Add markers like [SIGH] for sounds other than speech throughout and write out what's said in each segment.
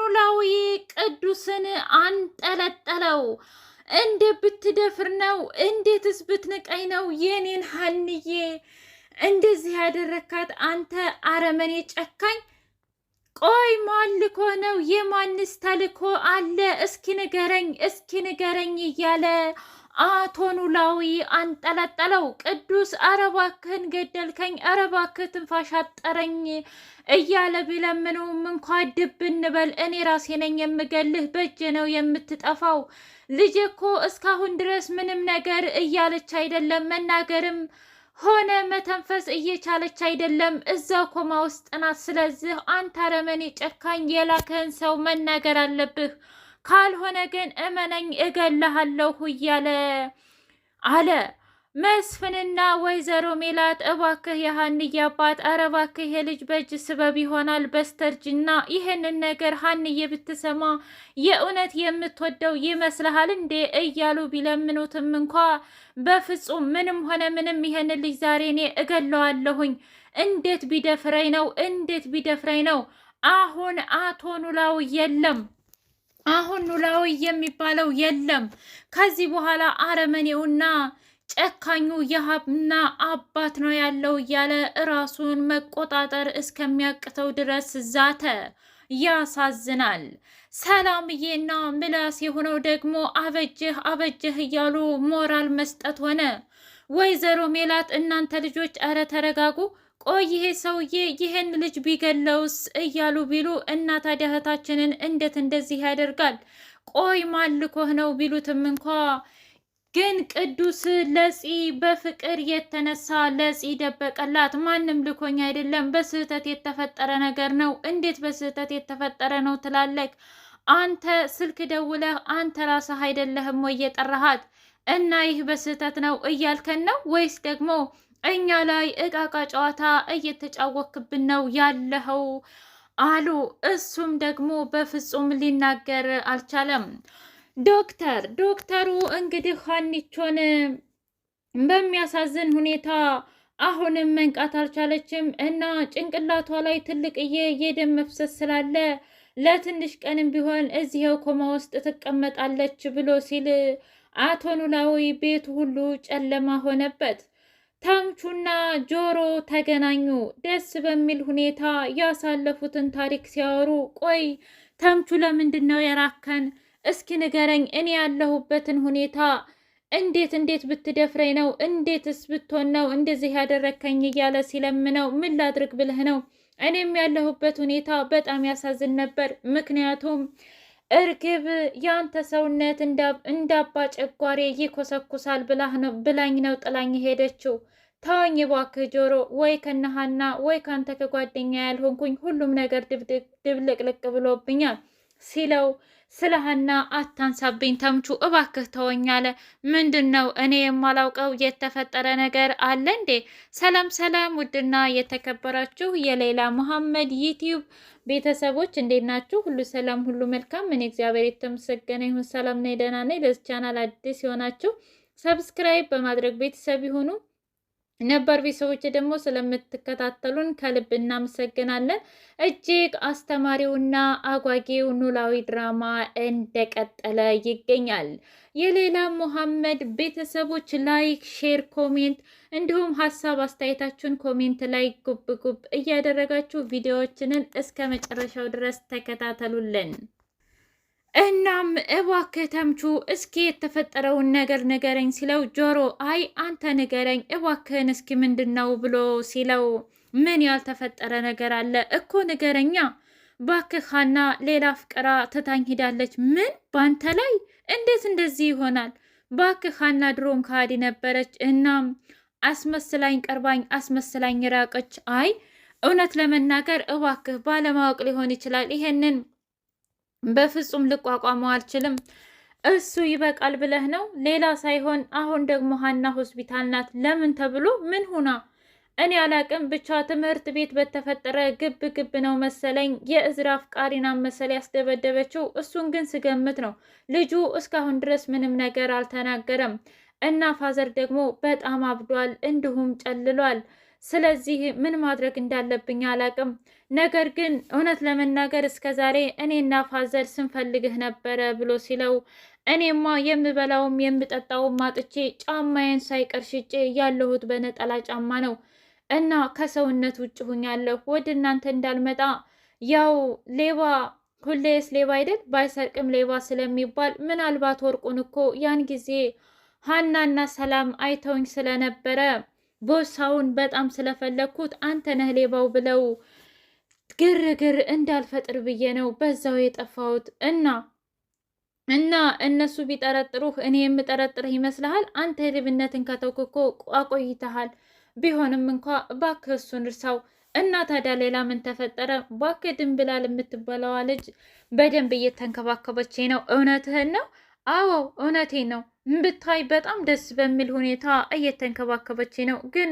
ኖላዊ ቅዱስን አንጠለጠለው። እንደ ብትደፍር ነው እንዴትስ ብትንቀኝ ነው የኔን ሀንዬ እንደዚህ ያደረካት አንተ አረመኔ ጨካኝ ቆይ ማን ልኮ ነው የማንስ ተልኮ አለ እስኪ ንገረኝ እስኪ ንገረኝ እያለ አቶ ኖላዊ አንጠለጠለው። ቅዱስ አረባክህን ገደልከኝ፣ አረባክህ ትንፋሽ አጠረኝ እያለ ቢለምነውም እንኳ ድብ እንበል እኔ ራሴ ነኝ የምገልህ፣ በእጄ ነው የምትጠፋው። ልጄ እኮ እስካሁን ድረስ ምንም ነገር እያለች አይደለም፣ መናገርም ሆነ መተንፈስ እየቻለች አይደለም፣ እዛ ኮማ ውስጥ ናት። ስለዚህ አንተ አረመኔ ጨካኝ፣ የላከህን ሰው መናገር አለብህ ካልሆነ ግን እመነኝ እገልሃለሁ እያለ አለ። መስፍንና ወይዘሮ ሜላት እባክህ የሀንዬ አባት ኧረ እባክህ የልጅ በእጅ ስበብ ይሆናል በስተርጅና ይህንን ነገር ሀንዬ ብትሰማ የእውነት የምትወደው ይመስልሃል እንዴ እያሉ ቢለምኑትም እንኳ በፍጹም ምንም ሆነ ምንም ይህን ልጅ ዛሬ እኔ እገለዋለሁኝ እንዴት ቢደፍረኝ ነው እንዴት ቢደፍረኝ ነው አሁን አቶ የለም አሁን ኖላዊ የሚባለው የለም። ከዚህ በኋላ አረመኔውና ጨካኙ የሀብና አባት ነው ያለው እያለ እራሱን መቆጣጠር እስከሚያቅተው ድረስ ዛተ። ያሳዝናል። ሰላምዬና ምላስ የሆነው ደግሞ አበጀህ አበጀህ እያሉ ሞራል መስጠት ሆነ። ወይዘሮ ሜላት እናንተ ልጆች እረ ተረጋጉ ቆይ ይሄ ሰውዬ ይህን ልጅ ቢገለውስ እያሉ ቢሉ እና ታዲያ እህታችንን እንዴት እንደዚህ ያደርጋል? ቆይ ማልኮህ ነው ቢሉትም እንኳ ግን ቅዱስ ለጺ በፍቅር የተነሳ ለፂ ደበቀላት። ማንም ልኮኝ አይደለም፣ በስህተት የተፈጠረ ነገር ነው። እንዴት በስህተት የተፈጠረ ነው ትላለክ? አንተ ስልክ ደውለህ አንተ ራስህ አይደለህም ወይ የጠራሃት? እና ይህ በስህተት ነው እያልከን ነው ወይስ ደግሞ እኛ ላይ እቃቃ ጨዋታ እየተጫወክብን ነው ያለኸው አሉ። እሱም ደግሞ በፍጹም ሊናገር አልቻለም። ዶክተር ዶክተሩ እንግዲህ ሀኒቾን በሚያሳዝን ሁኔታ አሁንም መንቃት አልቻለችም እና ጭንቅላቷ ላይ ትልቅዬ የደም መፍሰስ ስላለ ለትንሽ ቀንም ቢሆን እዚህው ኮማ ውስጥ ትቀመጣለች ብሎ ሲል አቶ ኖላዊ ቤቱ ሁሉ ጨለማ ሆነበት። ተምቹና ጆሮ ተገናኙ። ደስ በሚል ሁኔታ ያሳለፉትን ታሪክ ሲያወሩ፣ ቆይ ተምቹ ለምንድን ነው የራከን? እስኪ ንገረኝ። እኔ ያለሁበትን ሁኔታ እንዴት እንዴት ብትደፍረኝ ነው? እንዴትስ ብትሆን ነው እንደዚህ ያደረከኝ? እያለ ሲለምነው ምን ላድርግ ብለህ ነው? እኔም ያለሁበት ሁኔታ በጣም ያሳዝን ነበር። ምክንያቱም እርግብ ያንተ ሰውነት እንዳባ ጨጓሬ ይኮሰኩሳል ብላኝ ነው ጥላኝ ሄደችው። ተወኝ እባክህ ጆሮ፣ ወይ ከነሃና ወይ ካንተ ከጓደኛ ያልሆንኩኝ ሁሉም ነገር ድብልቅልቅ ብሎብኛል ሲለው ስለ ሀና አታንሳብኝ ተምቹ እባክህ ተወኝ አለ። ምንድን ነው እኔ የማላውቀው የተፈጠረ ነገር አለ እንዴ? ሰላም ሰላም! ውድና የተከበራችሁ የሌላ መሐመድ ዩቲዩብ ቤተሰቦች እንዴት ናችሁ? ሁሉ ሰላም፣ ሁሉ መልካም። እኔ እግዚአብሔር የተመሰገነ ይሁን ሰላም ነኝ፣ ደህና ነኝ። ለዚህ ቻናል አዲስ የሆናችሁ ሰብስክራይብ በማድረግ ቤተሰብ ይሁኑ። ነባር ቤተሰቦች ደግሞ ስለምትከታተሉን ከልብ እናመሰግናለን። እጅግ አስተማሪውና አጓጌው ኖላዊ ድራማ እንደቀጠለ ይገኛል። የሌላ ሙሐመድ ቤተሰቦች ላይክ፣ ሼር፣ ኮሜንት እንዲሁም ሀሳብ አስተያየታችሁን ኮሜንት ላይ ጉብ ጉብ እያደረጋችሁ ቪዲዮዎችንን እስከ መጨረሻው ድረስ ተከታተሉልን። እናም እባክህ ተምቹ እስኪ የተፈጠረውን ነገር ንገረኝ ሲለው ጆሮ አይ አንተ ንገረኝ እባክህን እስኪ ምንድን ነው ብሎ ሲለው ምን ያልተፈጠረ ነገር አለ እኮ ንገረኛ ባክህ ሀና ሌላ ፍቅራ ትታኝ ሂዳለች ምን ባንተ ላይ እንዴት እንደዚህ ይሆናል ባክህ ሀና ድሮም ከሃዲ ነበረች እናም አስመስላኝ ቀርባኝ አስመስላኝ ራቀች አይ እውነት ለመናገር እባክህ ባለማወቅ ሊሆን ይችላል ይሄንን በፍጹም ልቋቋመው አልችልም። እሱ ይበቃል ብለህ ነው? ሌላ ሳይሆን አሁን ደግሞ ሀና ሆስፒታል ናት። ለምን ተብሎ ምን ሁና? እኔ አላቅም። ብቻ ትምህርት ቤት በተፈጠረ ግብ ግብ ነው መሰለኝ የእዝራ አፍቃሪና መሰል ያስደበደበችው። እሱን ግን ስገምት ነው። ልጁ እስካሁን ድረስ ምንም ነገር አልተናገረም እና ፋዘር ደግሞ በጣም አብዷል፣ እንዲሁም ጨልሏል። ስለዚህ ምን ማድረግ እንዳለብኝ አላቅም። ነገር ግን እውነት ለመናገር እስከዛሬ እኔና ፋዘል ስንፈልግህ ነበረ ብሎ ሲለው እኔማ የምበላውም የምጠጣውም ማጥቼ ጫማዬን ሳይቀር ሽጬ ያለሁት በነጠላ ጫማ ነው እና ከሰውነት ውጭ ሁኛለሁ። ወደ እናንተ እንዳልመጣ ያው ሌባ ሁሌስ ሌባ አይደል ባይሰርቅም ሌባ ስለሚባል ምናልባት ወርቁን እኮ ያን ጊዜ ሀናና ሰላም አይተውኝ ስለነበረ ቦሳውን በጣም ስለፈለግኩት አንተ ነህ ሌባው ብለው ግርግር እንዳልፈጥር ብዬ ነው በዛው የጠፋሁት እና እና እነሱ ቢጠረጥሩህ እኔ የምጠረጥርህ ይመስልሃል? አንተ ሌብነትን ከተውክ እኮ አቆይተሃል። ቢሆንም እንኳ እባክህ እሱን እርሳው። እና ታዲያ ሌላ ምን ተፈጠረ? እባክህ ድንብላል የምትበላዋ ልጅ በደንብ እየተንከባከበች ነው። እውነትህን ነው አዎ እውነቴ ነው። ብታይ በጣም ደስ በሚል ሁኔታ እየተንከባከበች ነው። ግን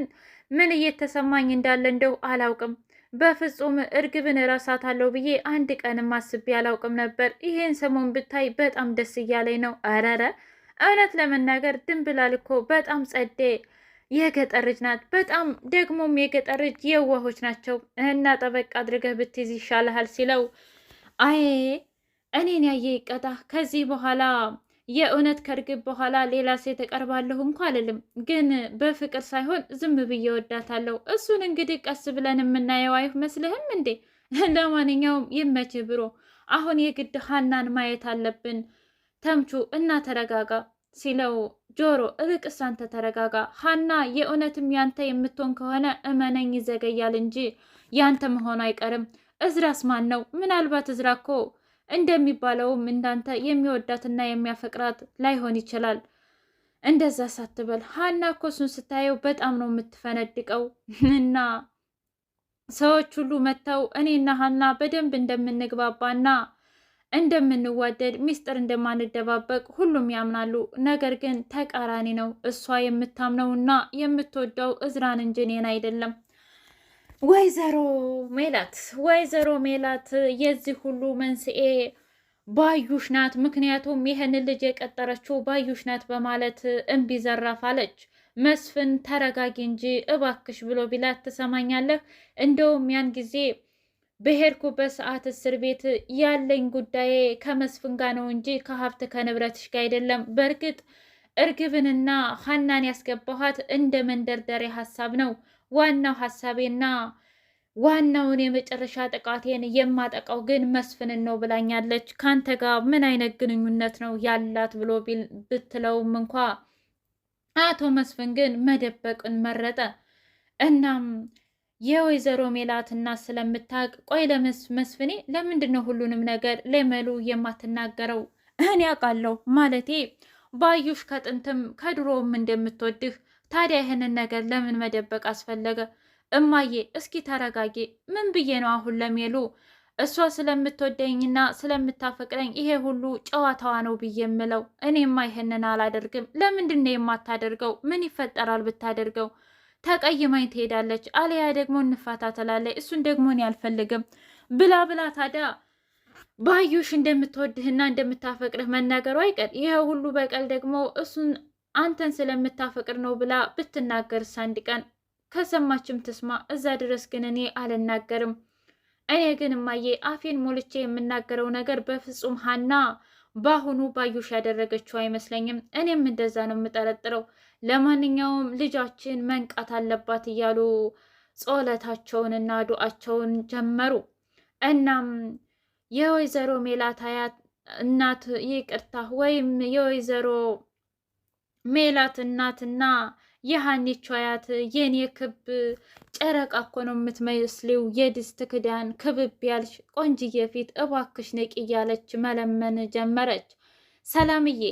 ምን እየተሰማኝ እንዳለ እንደው አላውቅም። በፍጹም እርግብን እረሳታለሁ ብዬ አንድ ቀንም አስቤ አላውቅም ነበር። ይሄን ሰሞን ብታይ በጣም ደስ እያለኝ ነው። አረረ እውነት ለመናገር ድንብላል እኮ በጣም ጸዴ የገጠር ልጅ ናት። በጣም ደግሞም የገጠር ልጅ የዋሆች ናቸው እና ጠበቅ አድርገህ ብትይዝ ይሻልሃል ሲለው አይ እኔን ያየ ይቀጣ ከዚህ በኋላ የእውነት ከእርግብ በኋላ ሌላ ሴት እቀርባለሁ እንኳ አልልም፣ ግን በፍቅር ሳይሆን ዝም ብዬ ወዳታለሁ። እሱን እንግዲህ ቀስ ብለን የምናየው አይመስልህም እንዴ? [LAUGHS] ለማንኛውም ይመች ብሮ፣ አሁን የግድ ሀናን ማየት አለብን። ተምቹ እና ተረጋጋ ሲለው ጆሮ እልቅስ አንተ ተረጋጋ። ሀና የእውነትም ያንተ የምትሆን ከሆነ እመነኝ ይዘገያል እንጂ ያንተ መሆኑ አይቀርም። እዝራስ ማን ነው? ምናልባት እዝራ እኮ እንደሚባለውም እንዳንተ የሚወዳትና የሚያፈቅራት ላይሆን ይችላል። እንደዛ ሳትበል ሀና እኮ እሱን ስታየው በጣም ነው የምትፈነድቀው እና ሰዎች ሁሉ መጥተው እኔና ሀና በደንብ እንደምንግባባና እንደምንዋደድ ሚስጥር እንደማንደባበቅ ሁሉም ያምናሉ። ነገር ግን ተቃራኒ ነው። እሷ የምታምነውና የምትወደው እዝራን እንጂ እኔን አይደለም። ወይዘሮ ሜላት ወይዘሮ ሜላት የዚህ ሁሉ መንስኤ ባዩሽ ናት፣ ምክንያቱም ይህን ልጅ የቀጠረችው ባዩሽ ናት በማለት እምቢ ዘራፍ አለች። መስፍን ተረጋጊ እንጂ እባክሽ ብሎ ቢላት ትሰማኛለህ፣ እንደውም ያን ጊዜ በሄድኩበት ሰዓት እስር ቤት ያለኝ ጉዳዬ ከመስፍን ጋር ነው እንጂ ከሀብት ከንብረትሽ ጋር አይደለም። በእርግጥ እርግብንና ሀናን ያስገባኋት እንደ መንደርደሪያ ሀሳብ ነው ዋናው ሀሳቤና ዋናውን የመጨረሻ ጥቃቴን የማጠቃው ግን መስፍንን ነው ብላኛለች። ከአንተ ጋር ምን አይነት ግንኙነት ነው ያላት ብሎ ብትለውም እንኳ አቶ መስፍን ግን መደበቅን መረጠ። እናም የወይዘሮ ሜላትና ስለምታቅ ቆይ መስፍኔ ለምንድን ነው ሁሉንም ነገር ለመሉ የማትናገረው? እኔ አውቃለሁ ማለቴ ባዩሽ ከጥንትም ከድሮም እንደምትወድህ ታዲያ ይህንን ነገር ለምን መደበቅ አስፈለገ? እማዬ እስኪ ተረጋጊ። ምን ብዬ ነው አሁን ለሚሉ እሷ ስለምትወደኝና ስለምታፈቅረኝ ይሄ ሁሉ ጨዋታዋ ነው ብዬ የምለው? እኔማ ይህንን አላደርግም። ለምንድን ነው የማታደርገው? ምን ይፈጠራል ብታደርገው? ተቀይማኝ ትሄዳለች፣ አለያ ደግሞ እንፋታ እሱን ደግሞ እኔ አልፈልግም ብላ ብላ ታዲያ ባዩሽ እንደምትወድህና እንደምታፈቅርህ መናገሩ አይቀር። ይሄ ሁሉ በቀል ደግሞ እሱን አንተን ስለምታፈቅር ነው ብላ ብትናገር አንድ ቀን ከሰማችም ትስማ። እዛ ድረስ ግን እኔ አልናገርም። እኔ ግን እማዬ አፌን ሞልቼ የምናገረው ነገር በፍጹም ሀና በአሁኑ ባዩሽ ያደረገችው አይመስለኝም። እኔም እንደዛ ነው የምጠረጥረው። ለማንኛውም ልጃችን መንቃት አለባት እያሉ እና ዱአቸውን ጀመሩ። እናም የወይዘሮ ሜላት አያት እናት ይቅርታ ወይም የወይዘሮ ሜላት እናትና የሀኒቹ አያት የኔ ክብ ጨረቃ እኮ ነው የምትመስሊው፣ የድስት ክዳን ክብብ ያልሽ ቆንጅዬ ፊት እባክሽ ነቂ እያለች መለመን ጀመረች። ሰላምዬ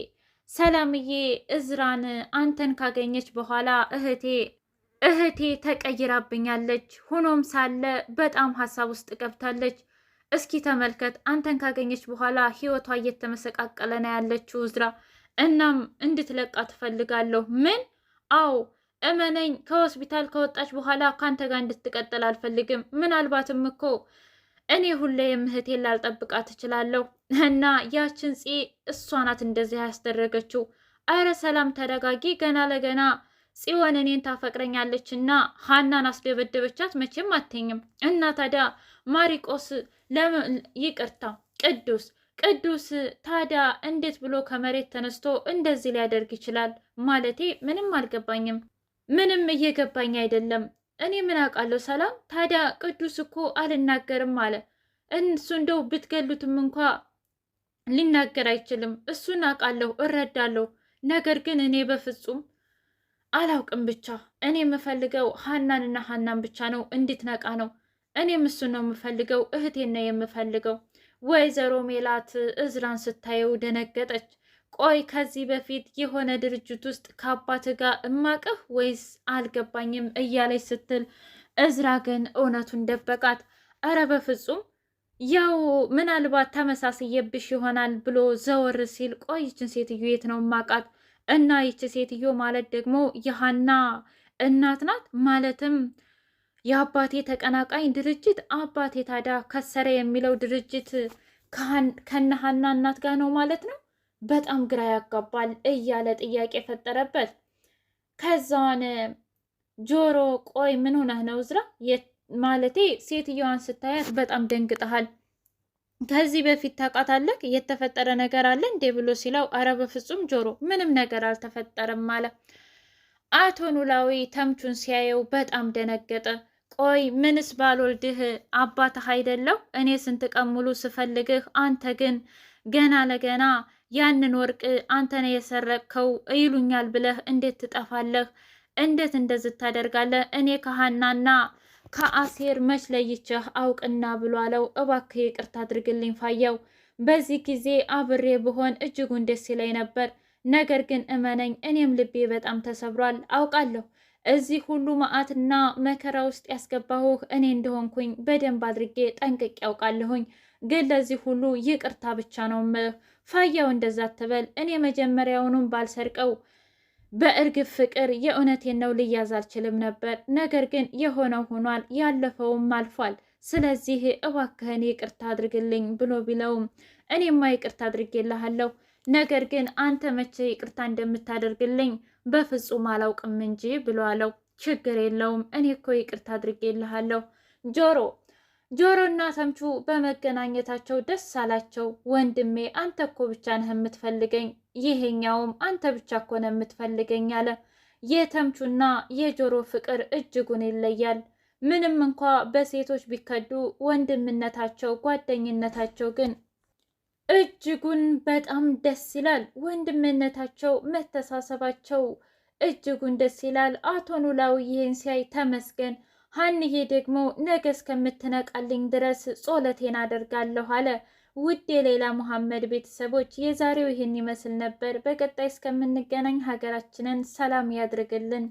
ሰላምዬ እዝራን አንተን ካገኘች በኋላ እህቴ እህቴ ተቀይራብኛለች። ሆኖም ሳለ በጣም ሀሳብ ውስጥ ገብታለች። እስኪ ተመልከት፣ አንተን ካገኘች በኋላ ህይወቷ እየተመሰቃቀለ ነው ያለችው እዝራ እናም እንድትለቃ ትፈልጋለሁ። ምን? አዎ እመነኝ፣ ከሆስፒታል ከወጣች በኋላ ካንተ ጋር እንድትቀጥል አልፈልግም። ምናልባትም እኮ እኔ ሁሌም እህቴን ላልጠብቃት እችላለሁ። እና ያችን ፅ እሷ ናት እንደዚህ ያስደረገችው። አረ ሰላም ተረጋጊ። ገና ለገና ጽዮን እኔን ታፈቅረኛለች እና ሀናን አስደበደበቻት፣ መቼም አትኝም። እና ታዲያ ማሪቆስ ይቅርታ ቅዱስ ቅዱስ ታዲያ እንዴት ብሎ ከመሬት ተነስቶ እንደዚህ ሊያደርግ ይችላል? ማለቴ ምንም አልገባኝም። ምንም እየገባኝ አይደለም። እኔ ምን አውቃለሁ ሰላም። ታዲያ ቅዱስ እኮ አልናገርም አለ። እሱ እንደው ብትገሉትም እንኳ ሊናገር አይችልም። እሱን አውቃለሁ፣ እረዳለሁ። ነገር ግን እኔ በፍጹም አላውቅም። ብቻ እኔ የምፈልገው ሀናንና ሀናን ብቻ ነው እንድትነቃ ነው። እኔም እሱን ነው የምፈልገው፣ እህቴን ነው የምፈልገው። ወይዘሮ ሜላት እዝራን ስታየው ደነገጠች። ቆይ ከዚህ በፊት የሆነ ድርጅት ውስጥ ከአባት ጋር እማቀፍ ወይስ አልገባኝም እያለች ስትል፣ እዝራ ግን እውነቱን ደበቃት። እረ በፍጹም ያው ምናልባት ተመሳስየብሽ ይሆናል ብሎ ዘወር ሲል፣ ቆይ ይችን ሴትዮ የት ነው ማቃት? እና ይች ሴትዮ ማለት ደግሞ የሀና እናት ናት ማለትም የአባቴ ተቀናቃኝ ድርጅት አባቴ ታዲያ ከሰረ የሚለው ድርጅት ከነሃና እናት ጋር ነው ማለት ነው። በጣም ግራ ያጋባል እያለ ጥያቄ ፈጠረበት። ከዛን ጆሮ ቆይ ምን ሆነህ ነው ዝራ? ማለቴ ሴትየዋን ስታያት በጣም ደንግጠሃል። ከዚህ በፊት ታውቃታለህ? የተፈጠረ ነገር አለ እንዴ ብሎ ሲለው፣ አረ በፍጹም ጆሮ ምንም ነገር አልተፈጠረም አለ። አቶ ኖላዊ ተምቹን ሲያየው በጣም ደነገጠ። ቆይ ምንስ ባልወልድህ አባትህ አይደለሁ? እኔ ስንት ቀን ሙሉ ስፈልግህ፣ አንተ ግን ገና ለገና ያንን ወርቅ አንተ ነህ የሰረቅከው ይሉኛል ብለህ እንዴት ትጠፋለህ? እንዴት እንደዚህ ታደርጋለህ? እኔ ከሀናና ከአሴር መች ለይቼህ አውቅና ብሎ አለው። እባክህ ይቅርታ አድርግልኝ ፋየው፣ በዚህ ጊዜ አብሬ ብሆን እጅጉን ደስ ይለኝ ነበር። ነገር ግን እመነኝ፣ እኔም ልቤ በጣም ተሰብሯል። አውቃለሁ እዚህ ሁሉ መዓትና መከራ ውስጥ ያስገባሁህ እኔ እንደሆንኩኝ በደንብ አድርጌ ጠንቅቄ ያውቃለሁኝ። ግን ለዚህ ሁሉ ይቅርታ ብቻ ነው ምልህ። ፋያው እንደዛ ትበል። እኔ መጀመሪያውኑም ባልሰርቀው በእርግብ ፍቅር የእውነቴን ነው ልያዝ አልችልም ነበር። ነገር ግን የሆነው ሆኗል፣ ያለፈውም አልፏል። ስለዚህ እባክህን ይቅርታ አድርግልኝ ብሎ ቢለውም እኔማ ይቅርታ አድርጌልሃለሁ፣ ነገር ግን አንተ መቼ ይቅርታ እንደምታደርግልኝ በፍጹም አላውቅም እንጂ ብሎ አለው። ችግር የለውም እኔ እኮ ይቅርታ አድርጌልሃለሁ። ጆሮ ጆሮና ተምቹ በመገናኘታቸው ደስ አላቸው። ወንድሜ አንተ እኮ ብቻ ነህ የምትፈልገኝ፣ ይሄኛውም አንተ ብቻ እኮ ነህ የምትፈልገኝ አለ። የተምቹና የጆሮ ፍቅር እጅጉን ይለያል። ምንም እንኳ በሴቶች ቢከዱ፣ ወንድምነታቸው ጓደኝነታቸው ግን እጅጉን በጣም ደስ ይላል። ወንድምነታቸው፣ መተሳሰባቸው እጅጉን ደስ ይላል። አቶ ኖላዊ ይህን ሲያይ ተመስገን፣ ሀንዬ ደግሞ ነገ እስከምትነቃልኝ ድረስ ጾለቴን አደርጋለሁ አለ። ውድ የሌላ መሐመድ ቤተሰቦች የዛሬው ይህን ይመስል ነበር። በቀጣይ እስከምንገናኝ ሀገራችንን ሰላም ያድርግልን።